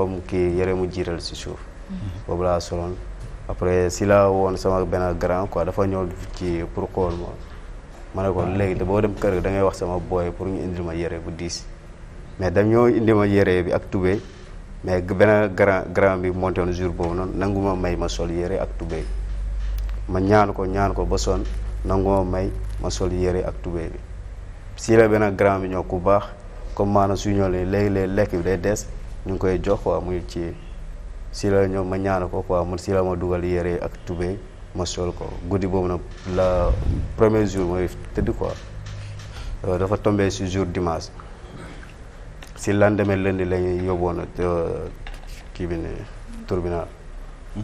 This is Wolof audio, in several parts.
comme kii yëre mu jiital si suuf. Mhm. boobu laa soloon après si la woon sama benn grand quoi dafa ñëw ci pour xool ma ma ne ko léegi boo dem kër da ngay wax sama booy pour ñu indil ma yëre bu diis mais dañoo indi ma yére bi ak tubéy mais benn grand grand bi monté woon jour boobu ma may ma sol yëre ak tubéy ñaan ko ñaan ko ba son nangu ma may ma sol yére ak tubéy bi si la benn grand bi ñoo ku baax comme maanaam suñu ñëw léegi-léegi lekk bi day des. ñu ngi koy jox quoi muy ci si la ñoom ma ñaan ko quoi man si la ma dugal yére ak tubéy ma sol ko guddi boobu nag la premier jour mooy tëdd quoi euh, dafa tombé si jour dimanche si lendemain lundi la ñuy yóbboon euh, kii bi ne tribunal. Hmm.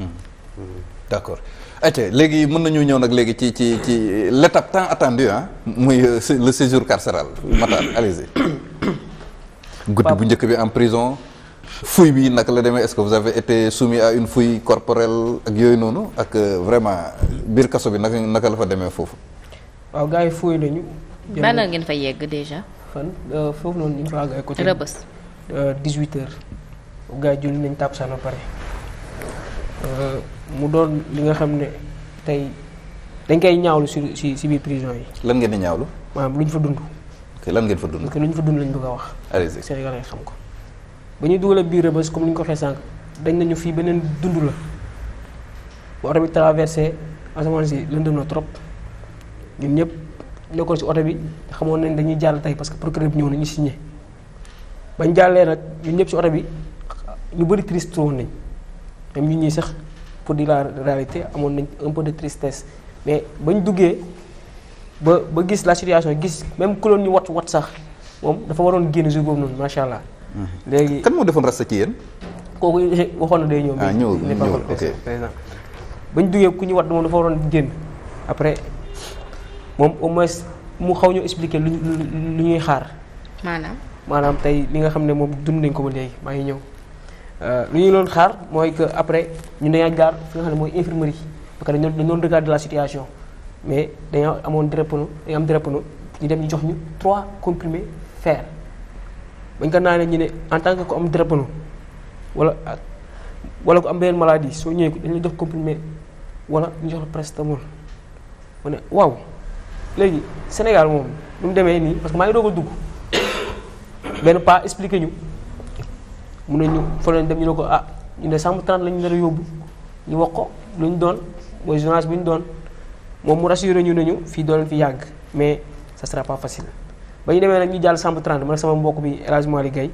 Hmm. d' accord ok léegi mën nañu ñëw nag léegi ci ci ci l' temps tant attendue ah muy euh, le séjour carcéral Matar allez-y guddi bu njëkk bi en prison. fouille bi naka la demee est-ce que vous avez été soumis à une fouille corporelle ak yooyu noonu ak euh, vraiment biir kaso bi naka naka la fa demee foofu. waaw gars yi fouille nañu. ban ngeen fa yegg déjà. fan euh, foofu noonu ñu fa àgg ay côté. Rebeuss. 18 heures. gars yi julli nañ tàbsaan ba pare. Euh, mu doon li nga xam ne tey dañ koy ñaawlu si si si biir yi. lan ngeen di ñaawlu. lu ñu fa dund. lan ngeen fa dund. parce que lu ñu fa dund lañ bëgg a wax. allez Sénégalais xam ko. ba ñuy dugal biir rëbës comme ni ñu waxee sànq dañ nañu fii beneen dund la bi traversé asamaan si lëndëm na trop ñun ñëpp nekkoon si oto bi xamoon nañ dañuy jàll tey parce que procureur bi ñëw nañu signé bañ jàllee nag ñun ñëpp si oto bi ñu bëri triste nañ même ñun ñii sax pour dire la amoon nañ un peu mais bañ duggee ba ba gis la situation gis même ku loon ñu wat wat sax moom dafa waroon génn jour boobu noonu macha allah. léegi kan moo defoon rasta ci yéen. kooku waxoon na day ñëw. ah ñëw ñëw bañ duggee ku ñu wat moom dafa waroon génn après moom au moins mu xaw ñu expliquer lu lu ñuy xaar. maanaam. maanaam tey li nga xam ne moom dund nañ ko ba léegi maa ngi ñëw euh, lu ñuy doon xaar mooy que après ñu dañaa gaar fi nga xam ne mooy infirmerie parce que dañoo dañoo regarder la situation mais dañoo amoon drépano dañoo am drépano ñu dem ñu jox ñu trois comprimés fer. bañ ko naanee ñu ne en tant que ku am drépano wala wala ko am beneen maladie soo ñëwee dañu jox comprimé wala ñu jox la paracétamol mu ne waaw léegi Sénégal moom nu mu demee nii parce que maa ngi doog a dugg benn pas expliqué ñu mun nañu fa lañ dem ñu ne ko ah ñu ne samp trente lañu nar a yóbbu ñu wax ko lu ñu doon mooy journaliste bu ñu doon moom mu rassuré ñu nañu fii doo fi yàgg mais ça sera pas facile. ba ñu demee nag ñu jàll chambre 30 man sama mbokk bi El Hadj Malick Gueye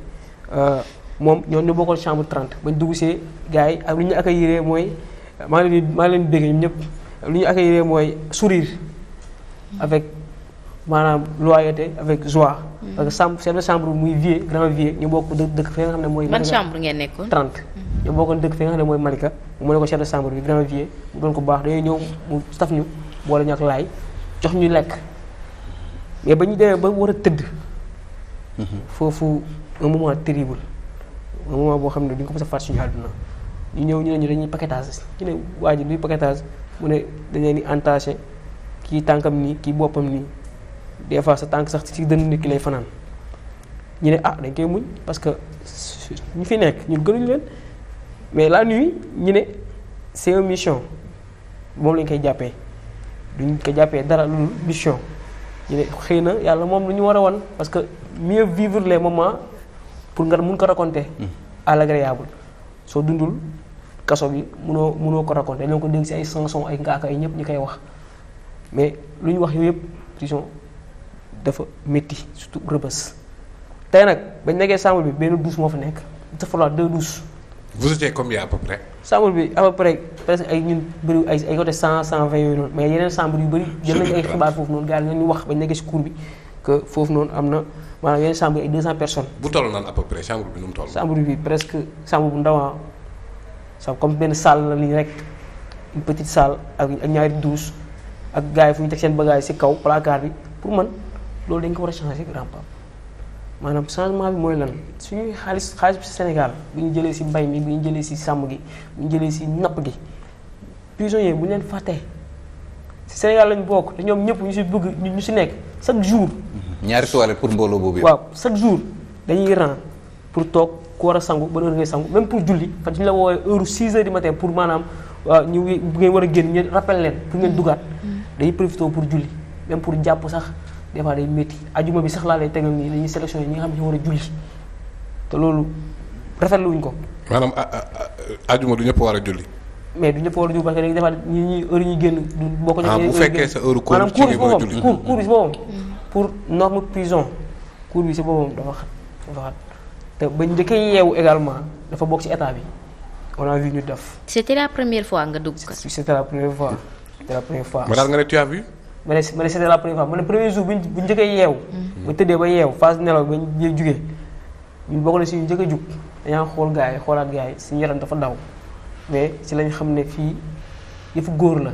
euh, moom ñoo ñu bokkoon chambre 30 ba ñu duggu see gars yi ak lu ñu accueillir mooy maa ngi leen leen di ñëpp li ñu accueillir mooy sourire avec maanaam loyauté avec joie. Mm. parce que chambre seen chambre muy vieux grand vieux ñu bokk dëkk fi ne mooy. man chambre ngeen nekkoon 30. Mm. ñu bokkoon dëkk mooy Malika mu ne ko chambre bi grand vieux mu doon ko baax dañuy ñëw mu staf ñu boole ñu ak laay jox ñu lekk. mais ba ñu demee ba war a tëdd. Mhm. foofu un moment terrible un moment boo xam ne duñ ko mos a faat àdduna ñëw ñu ne dañuy paquetage ñu waa ji luy paquetage mu ne dañ di entaché kii tànkam nii kii boppam nii des fois sa tànk sax ci dënn nit lay fanaan ñu ne ah dañ koy muñ parce que ñu fi nekk ñun gënuñu leen mais la nuit ñu ne c'est mission moom lañ koy jàppee duñ ko jàppee dara lu mission. ñu xëy na yàlla moom lu ñu war a wan parce que mieux vivre les moments pour nga mun ko raconter. Mm. à l'agréable soo dundul kaso bi munoo munoo ko raconter dañoo ko dégg si ay chanson ay ngaaka ay ñëpp ñu koy wax mais lu ñu wax yooyu yëpp prison dafa métti surtout rëbës. tey nag bañ nekkee chambre bi benn douche moo fi nekk dafa la deux douches. vous étiez combien à peu près. chambre bi à peu près presque ay ñun bëri ay ay côté cent cent vingt yooyu noonu mais yeneen chambre yu bëri jël nañu ay xibaar foofu noonu gars yi ñu wax bañ nekkee si cour bi que foofu noonu am na maanaam yeneen chambre yi ay deux cent personnes. bu toll naan à peu près chambre bi nu mu toll. chambre bi presque chambre bu ndaw ah chambre comme benn salle la nii rek une petite salle ak ñaari douche ak gars yi fu ñu teg seen bagage si kaw placard bi pour man loolu dañ ko war a changer maanaam changement bi mooy lan suñuy xaalis xaalis bi Sénégal bu ñu jëlee si mbay mi bu ñu jëlee si sàmm gi bu ñu jëlee si napp gi prisonniers bu ñu leen fàtte si Sénégal lañ bokk te ñoom ñëpp ñu si bëgg ñu si nekk chaque jour. Mhm. ñaari toilette pour mbooloo boobu yëpp. waaw chaque jour dañuy rang pour toog ku war a sangu ba heure ngay sangu même pour julli fan suñu la woowee heure 6 heures du matin pour maanaam euh, ñu bu ngeen war a génn ñu rappel leen pour ngeen mhm. Mhm. jàpp sax. des fois day métti ajuma bi sax laa lay tegal nii dañuy sélectionné ñi nga xam ne war a julli te loolu rafetlu wuñ ko. maanaam ajuma ah, ah, ah, du ñëpp war a julli. mais du ñëpp war a julli parce que dañuy defaat ñi ñu génn. du boo ko ñëwee bu fekkee sa heure cours bi ci biir mooy julli si boppam pour norme prison cours bi si boppam dafa xat dafa xat te ba njëkkee yeewu également dafa bokk ci état bi on a ñu def. c'était la première fois nga dugg ko. c'était la première fois c'était la première fois. ma daal nga ne ma ne ma ne c'était la première fois ma ne premier jour bu ñu bu ñu njëkkee hmm. tëddee ba yeewu phase nelaw ba ñu jugee ñun bokk na si ñu njëkk a jug dañaa xool gars yi xoolaat gars si suñu yaram dafa daw mais si lañ xam ne fii yëfu góor la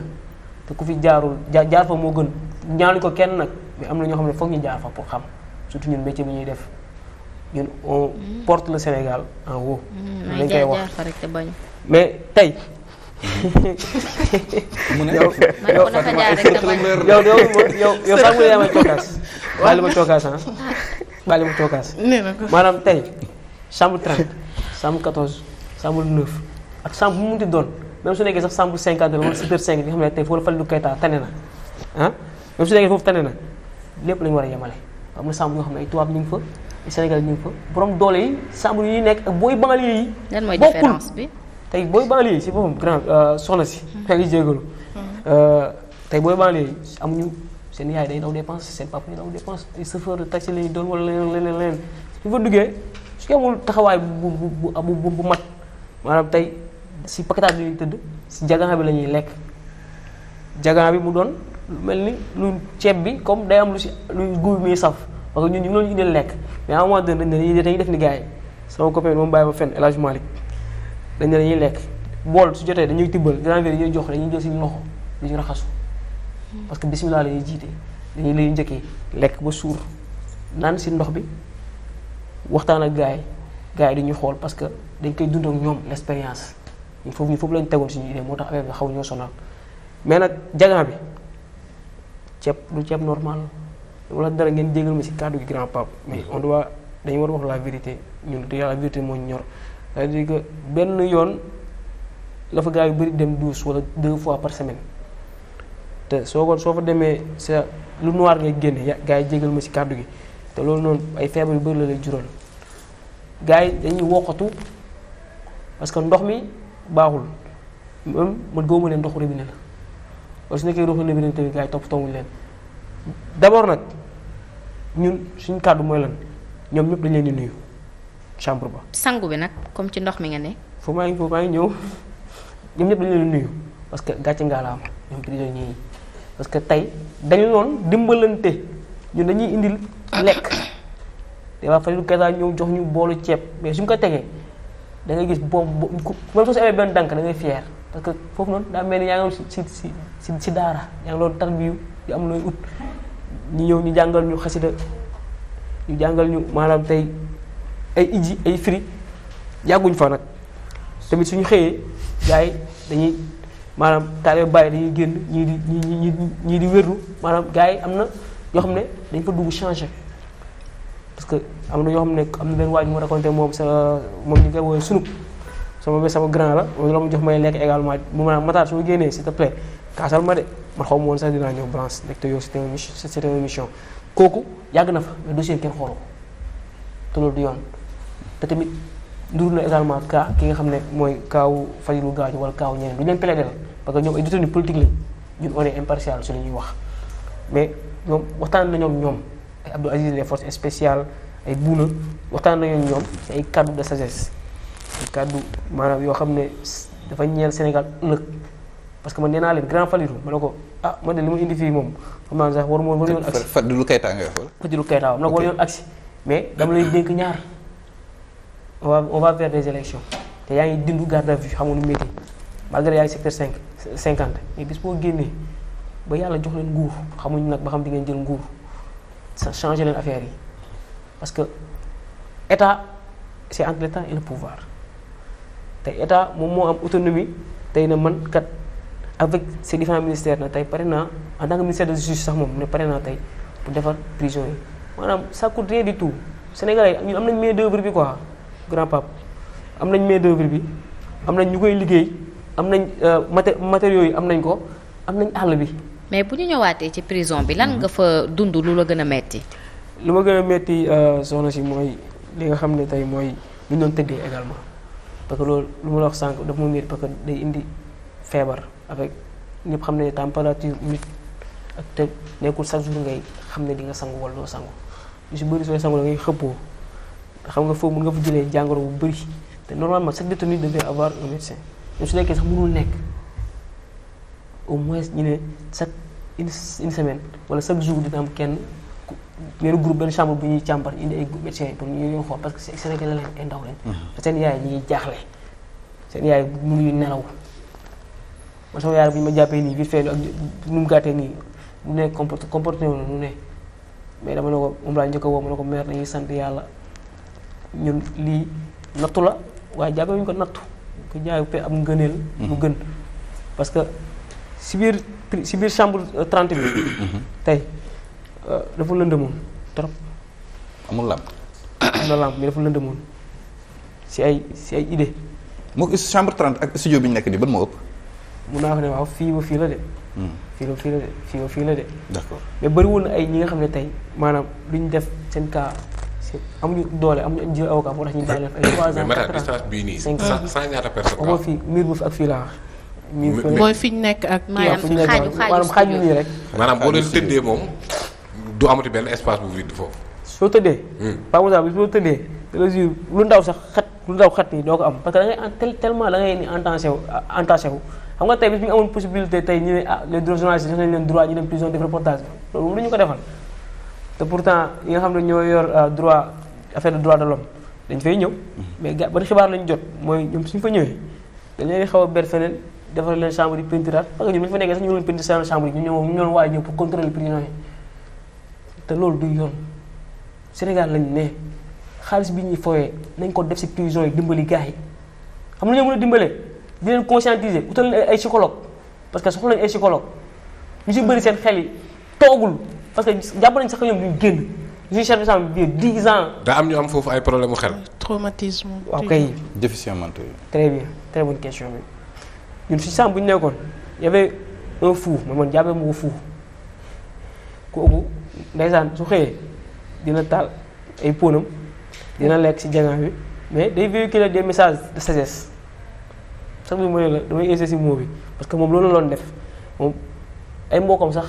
te ku fi jaarul jaar fa moo gën ñaanuñu ko kenn nag mais am na ñoo xam ne foog ñu jaar fa pour xam surtout ñun métier bi ñuy def ñun on hmm. porte le Sénégal en haut. dañ hmm. koy wax mais tey mu ne yow yow yow yow yow sax mu ne yaa may cookaas bàyyi ma cookaas ah bàyyi ma cookaas maanaam tey chambre 30 chambre 14 chambre 9 ak chambre bu mu munti doon même su nekkee sax chambre 50 wala 75 bi nga xam ne tey foofu la Fallou Keita tane na ah même su nekkee foofu tane na lépp la war a yemale am na chambre yoo xam ne ay tubaab ñu ngi fa Sénégal ñu ngi fa borom doole yi chambre yi nekk ak booy banlieue yi. lan bi tey booy banlieue si boppam grand euh, soxna si. maa mm-hmm. ngi jégalu. Mm-hmm. Euh, tey booy banlieue amuñu seen yaay day daw dépense seen papa day daw dépense ay chauffeur de taxi lañuy doon wala leneen leneen leen su fa duggee su amul taxawaay bu bu bu bu mat maanaam tey si paquetage bi lañuy tëdd si jagan bi la ñuy lekk jagan bi mu doon lu mel ni lu ceeb bi comme day am lu si lu guub muy saf parce que ñun ñu ngi doon indil lekk mais à un moment dañuy def ni gars yi sama copain moom bàyyi ma dañ ne dañuy lekk bool su jotee dañuy tibbal grand verre ñuy jox dañuy jël suñu loxo dañuy raxasu parce que bisimilah la ñuy jiite dañuy lay njëkkee lekk ba suur naan si ndox bi waxtaan ak gars yi gars yi dañuy xool parce que dañ koy dund ñoom l'expérience ñu foofu ñu foofu lañ tegoon suñu idée moo tax affaire bi xaw ñoo sonal mais nag jagan bi ceeb lu ceeb normal wala dara ngeen jégal ma si kàddu gi grand pape mais on doit war wax la vérité ñun de la vérité moo cest benn yoon la fa gaa yu bëri dem douze wala deux fois par semaine te soo ko soo fa demee sa lu noir ngay génne ya gaa yi jégal ma ci kàddu gi te loolu noonu ay feebar yu bëri la lay jural gaa yi dañuy woqatu parce que ndox mi baaxul même man góobu leen ndoxu robinet la parce que su nekkee ndoxu robinet tamit gaa yi toppatoo wuñ leen d'abord nag ñun suñ kàddu mooy la ñoom ñëpp dañ leen di nuyu. chambre ba. sangu bi nag comme ci ndox mi nga ne. foofu maa ngi ñëw ñoom ñëpp parce que gàcce ngaalaama ñoom prisonniers parce que tey dañu doon dimbalante ñun dañuy indil lekk te waa Fadilou ñëw jox ñu boolu ceeb mais suñ ko tegee da ngay gis boobu boobu ku même soo da ngay fier parce que foofu noonu daa si si si daara yaa ngi am looy ut ñu ñëw ñu jàngal ñu xasida ñu jàngal ñu maanaam tey. ay iji ay firi yàgguñ fa nag tamit suñu xëyee gars yi dañuy maanaam taalibe bàyyi dañuy génn ñii di ñii di ñii di wéru maanaam gars yi am na yoo xam ne dañ fa dugg changé parce que am na yoo xam ne am na benn waaj mu raconté moom sa moom ñu koy woowee sunub sama ba sama grand la moom la mu jox may lekk également mu maanaam mataar su ma génnee s'il te plaît kaasal ma de man xaw ma woon sax dinaa ñëw branche rek te yow c'était une mission kooku yàgg na fa mais dossier te loolu du yoon. te tamit ndur na également cas ki nga xam ne mooy kaawu Fadilou Gadio wala kaaw ñeneen du ñu leen plaider parce que ñoom ay détenus politique lañ ñun on est impartial su li ñuy wax mais ñoom waxtaan nañoo ñoom ay Abdou Aziz les forces spéciales ay buuna waxtaan nañoo ñoom ay kàddu de sagesse ay kaddu maanaam yoo xam ne dafa ñeel Sénégal ëllëg parce que man nee naa leen grand Fadilou ma ne ko ah man de li ma indi fii moom xam naa sax war yoon agsi Fadilou Keita nga wax wala Fadilou ko war yoon agsi mais dama lay dénk ñaar on va on va vers des élections te yaa ngi dindu garde à vue xamuñu métier malgré yaa ngi secteur cinq cinquante mais bis boo génnee ba yàlla jox leen nguur xamuñu nag ba xam di ngeen jël nguur sa changer leen affaire yi parce que état c'est entre l'état et le pouvoir te état moom moo am autonomie tey na man kat avec ces différents ministères na tey pare naa en tant que ministère de justice sax moom ne pare naa tey pour defar prison yi maanaam sa coûte rien du tout Sénégalais ñun am nañ main d'œuvre bi quoi. grand pape am nañ main d'œuvre bi am nañ ñu koy liggéey am nañ euh, maté matériaux yi am nañ ko am nañ àll bi. mais bu ñu ñëwaatee ci prison bi lan nga fa dund lu la gën a metti lu ma gën a metti euh, soxna si mooy li nga xam ne tey mooy lu ñu doon également parce que loolu lu ma la wax sànq dafa ma metti parce que day indi feebar avec ñëpp xam ne température humide ak te nekkul chaque jour ngay xam ne di nga sangu wala doo sangu lu si bëri sooy sangu da xëppoo. xam nga foofu mun nga fa jëlee jàngoro bu bëri te normalement chaque détenu devrait avoir un médecin même su nekkee sax mënul nekk au moins ñu ne chaque une une semaine wala chaque jour dina am kenn benn groupe benn chambre bu ñuy càmbar indi ay médecins pour ñu ñëw xool ndaw lañ. Mhm. te seen ñuy jaaxle seen yaay mënuñu nelaw man bu ñu ma jàppee nii vite fait ak nu mu gàttee nii mu ne comporte comporté wu ñu ne mais dama ne ko moom laa njëkk woo ma ne ko mère dañuy sant yàlla. ñun lii nattu la waaye jàppee wuñ ko nattu ko jàppee am ngëneel lu mhm. gën parce que si biir si biir chambre euh, trent bi mhm. tey euh, dafa lëndëmoon trop amul làmp am na làmp mi dafa lëndëmoon si ay si ay idée moo chambre 30 ak studio bi ñu nekk di ban moo ëpp mun naa ko ne waaw hmm. fii ba fii la de fii ba fii la de fii ba fii mais bëriwul na ay ñi nga xam ne tey maanaam lu ñu def seen cas amuñu doole amuñu am jiw avocat moo tax ñu jëlee def ay ak fii laa. mur bi mooy fi ñu nekk ak. maanaam xaaju xaaju maanaam boo doon tëddee moom du soo tëddee. Hmm. Paa Moussa bi soo tëddee. lu ndaw sax xat lu ndaw xat nii doo ko am parce que da ngay tel tellement da ngay xam nga tey bis bi ñu amoon possibilité tey ñu ah leen droit ñu prison def reportage bi loolu mënuñu ko defal te pourtant yi nga xam ne ñoo yor euh, droit affaire de droit de l'homme dañ fay ñëw mm-hmm. mais ga ban xibaar lañ jot mooy ñoom suñu fa ñëwee dañ leen xaw a ber feneen defar leen chambre di pentiraat fa nekkee sax ñu leen pentir seen chambre yi ñu ñëw ñu te loolu du yoon Sénégal lañ ne xaalis bi ñuy fooyee nañ ko def si prison yi dimbali gars yi xam nañoo mën a dimbale di leen conscientiser utal ay psychologue parce que soxla nañ ay psychologue ñu si bari seen xel yi toogul parce que jàpp nañu sax ñoom duñ génn juge chef de chambre bi dix ans. daa am ñu am foofu ay problème mu xel. traumatisme. waaw kay déficient mental. très bien très bonne question bi ñun bu ñu nekkoon y avait un fou man man jàppee ma ko fou dina lekk si jangaa bi mais de sagesse sax bi ma ne la damay essayé si mot bi parce que moom loolu la doon def moom ay mbokkam sax.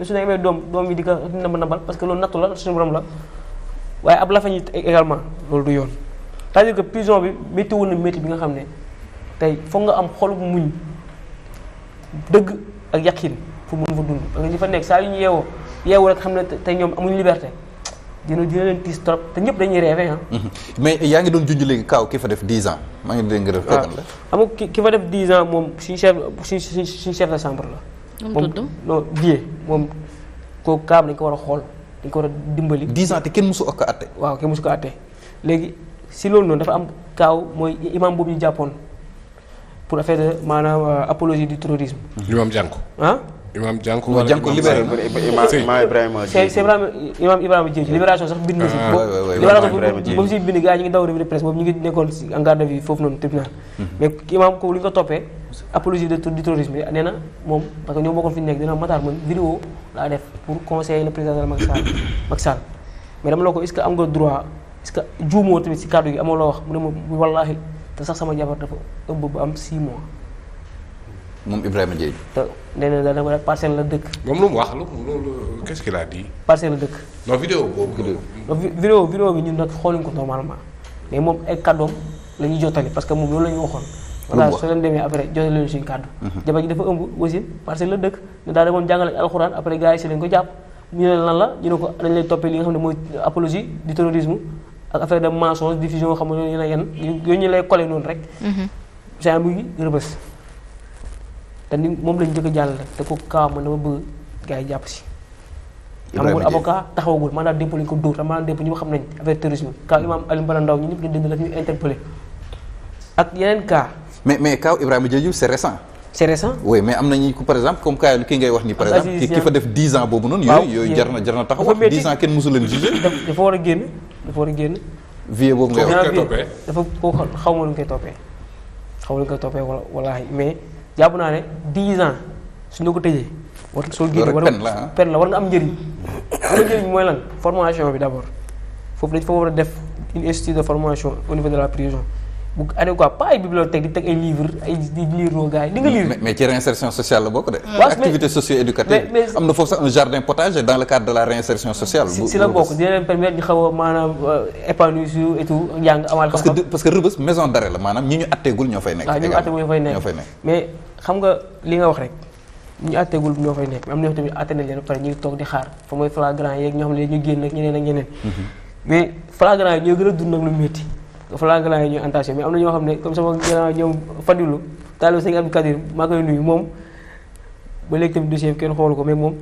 mais su demee doom doom yi di ko nëmb nëmbal parce que loolu nattu la suñu borom la waaye ab lafañ it également loolu du yoon c'est-à-dire que prison bi méttiwul na métti bi nga xam ne tey foog nga am xolu muñ dëgg ak yaqin pour mun fa dund parce que ñi fa nekk saa yu ñu yeewoo yeewu rek xam ne tey ñoom amuñu liberté dina dina leen tiis trop te ñëpp dañuy rêver ah. Mhm. mais yaa ngi doon junj léegi kaaw ki fa def 10 ans maa ngi dégg nga def. waaw ah. xam nga ki fa def 10 ans moom suñu chef suñu chef de chambre la. moom non jiyee moom kooku kaam dañ ko war a xool dañ ko war a dimbali. 10 ans te kenn mësu ko àtte. waaw kenn mësu ko àtte léegi si loolu noonu dafa am kaaw mooy imam boobu ñu jàppoon pour affaire de maanaam euh, apologie du terrorisme. imam jànku. ah imam jànku wala jànku libéral imam Ibrahima Diédji. c'est vraiment imam Ibrahima Diédji libération sax bind na si. ah bind gars yi ñu ngi daw revue de presse ñu ngi nekkoon si en garde foofu noonu tribunal hmm. mais imam ko li ñu ko toppee. apologie de du terrorisme yi nee na moom parce que ñoo bokkoon fi nekk dina mataar man vidéo laa def pour conseiller le président de Macky mais dama la ko est que am nga droit est que juumoo tamit si kàddu gi amoo loo wax mu ne te sax sama jabar dafa ëmb bu am 6 mois. moom Ibrahima Dieye. te nee dëkk. moom mu wax a dit. parcelle la dëkk. non vidéo boobu. vidéo vidéo bi ñun nag xooluñ ko normalement mais moom ay kàddoom la ñuy jottali parce que moom loolu la ñu waxoon. voilà su leen demee après joxe leen suñu kàddu mhm. jabar ji dafa ëmb aussi parce que la dëkk ne daal demoon jàngale alxuraan après gars si lañ ko jàpp ñu ne lan la ñu ne ko dañ lay toppee li nga xam ne mooy apologie du terrorisme ak mhm. rëbës te ni moom lañ jëkk a jàllale te ko kaw man dama bëgg gars jàpp si amul avocat taxawagul mandat dépôt lañ ko dóor te mandat dépôt ñi xam nañ affaire terrorisme kaw imam Alioune Bala ñu ñëpp dañ dañ daf ak yeneen cas mais mais kaw Ibrahima Diédhiou c'est am na jar na taxaw 10 ans kenn mosu leen jugé. dafa war a génn boobu nga wax xaw ma koy toppee. xaw ma koy toppee wallaahi mais jàpp naa ne 10 ans suñu ko tëjee. war soo génn war ah. pen la war nga njëriñ. war nga njëriñ mooy lan formation bi d'abord foofu dañ fa war a def une de formation au niveau de la prison. bu année quoi pas ay bibliothèque di teg ay livres ay di lire noo gars nga lire. mais ci réinsertion sociale la bokk de. activité socio-éducative am na foofu sax un jardin potager dans le cadre de la réinsertion sociale. si la bokk dina leen permettre ñu xaw a maanaam euh, épanouir et tout njàng amal. parce que parce que Rebeuss maison d'arrêt la maanaam ñi ñu atteegul ñoo fay nekk. waaw ñi mais xam nga li nga wax rek ñi ñu ñoo fay nekk am na ñoo tamit atte nañ leen ñu flank laa ñuy entaché mais am na ñoo xam ne comme sama gannaaw ñoom Fadilu taalibu sëñ Abdou Kadir maa koy nuyu moom ba léegi tamit dossier kenn xoolu ko mais moom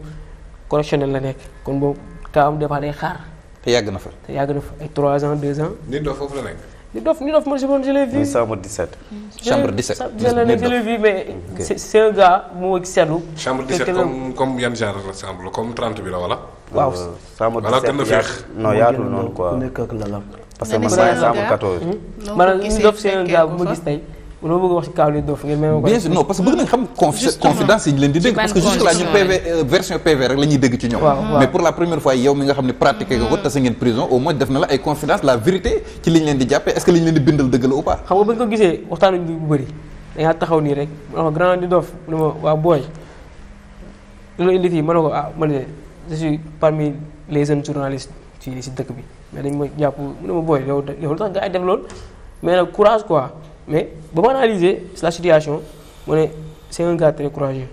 correctionnel la nekk kon boobu kaam dafa na fa. yàgg na fa ay 3 ans 2 ans. nit dof foofu la nekk. nit dof nit dof man si man je l'ai vu. chambre 17. chambre 17. comme comme yan genre ensemble comme 30 bi la wala. waaw euh, chambre 17 yaatu non yaatul noonu quoi ak lalam. parce que man maa ngi sama 14. maanaam ñu dof seen gaa bu ma gis tey. loo bëgg wax ci kaw li dof ngeen même. bien sûr non parce que bëgg nañ xam confidence yi ñu leen di dégg. parce que jusque là ñu PV euh, version PV rek la ñuy dégg ci ñoom. mais pour la première fois yow mi nga xam ne pratiqué nga ko hmm. tase ngeen prison au moins def na la ay confidence la vérité ci li leen di jàppee est ce que li leen di bindal dëgg la ou xam nga bu ñu ko gisee waxtaan bu fii ma ne ko ah man de je suis parmi les dëkk bi mais dañ ma jàpp mu ne ma booy yow yow lu tax nga ay def loolu mais nag courage quoi mais ba ma analyser la situation mu ne c'est un gars très courageux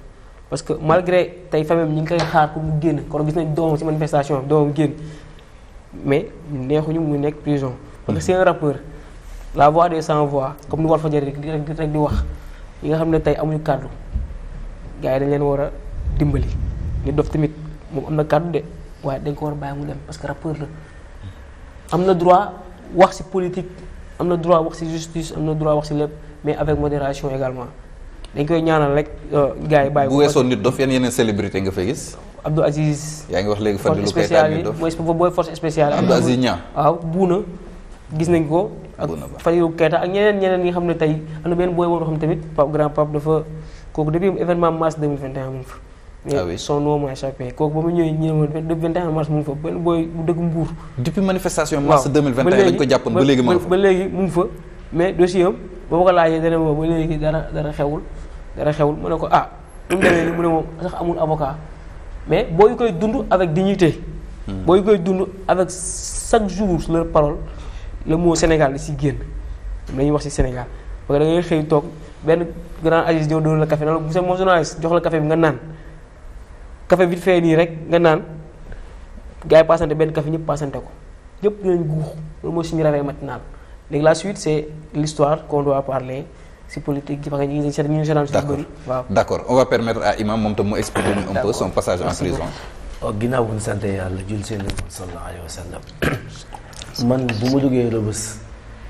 parce que malgré tey famille ñu ngi koy xaar pour mu génn kon gis nañ doomam ci manifestation doomam génn mais neexuñu mu nekk prison parce que c'est un rappeur la voix des sans voix comme ni Walfadjri rek rek di wax yi nga xam ne tey amuñu kàddu gars yi dañ leen war a dimbali nit dof tamit moom am na kàddu de waaye dañ ko war parce que rappeur am na droit wax ci politique am na droit wax ci justice am na droit wax ci lépp mais avec modération également dañ koy ñaanal rek euh, gars yi bàyyi. bu weesoo nit dof yan yeneen célébrité nga fay gis. Abdou Aziz. yaa ngi wax léegi Fadilou Keita nit dof force spéciale yi mooy force spéciale. Abdou Aziz Niang waaw buuna gis nañ ko. ak Fadilou Keita ak ñeneen ñeneen ñi nga xam ne tey am na benn booy boo xam tamit Pape Grand Pape dafa kooku depuis événement mars 2021 amuñu ah oui son nom a échappé kooku ba mu ñëwee ñu ne ma le 21 mars mu ngi fa benn booy bu dëkk Mbour. depuis manifestation mars ko jàppoon ba léegi ma fa mais dossier am ba ma ko laajee dana ba léegi dara dara xewul dara xewul mu ne ko ah nu mu amul avocat mais booy koy dund avec dignité. Hmm. booy koy dund avec chaque jour leur parole le moo Sénégal di si génn dañuy wax si Sénégal parce que da ngay xëy toog benn grand agis ñëw doon la kafe na la monsieur mon journaliste jox la kafe bi nga naan. café bi fee nii rek nga naan gars yi passante benn café ñëpp passante ko a dinañ guux loolu mooy suñu réveil matinal léegi la suite c' est l'histoire qu'on doit parler si politique ji parce ñu ngi seet ñu ngi seetaan on va permettre à imam moom tam mu expliquer ñu un peu son passage en prison waaw oh, ginnaaw bu ñu yàlla jul seen sallallahu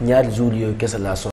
alayhi wa sallam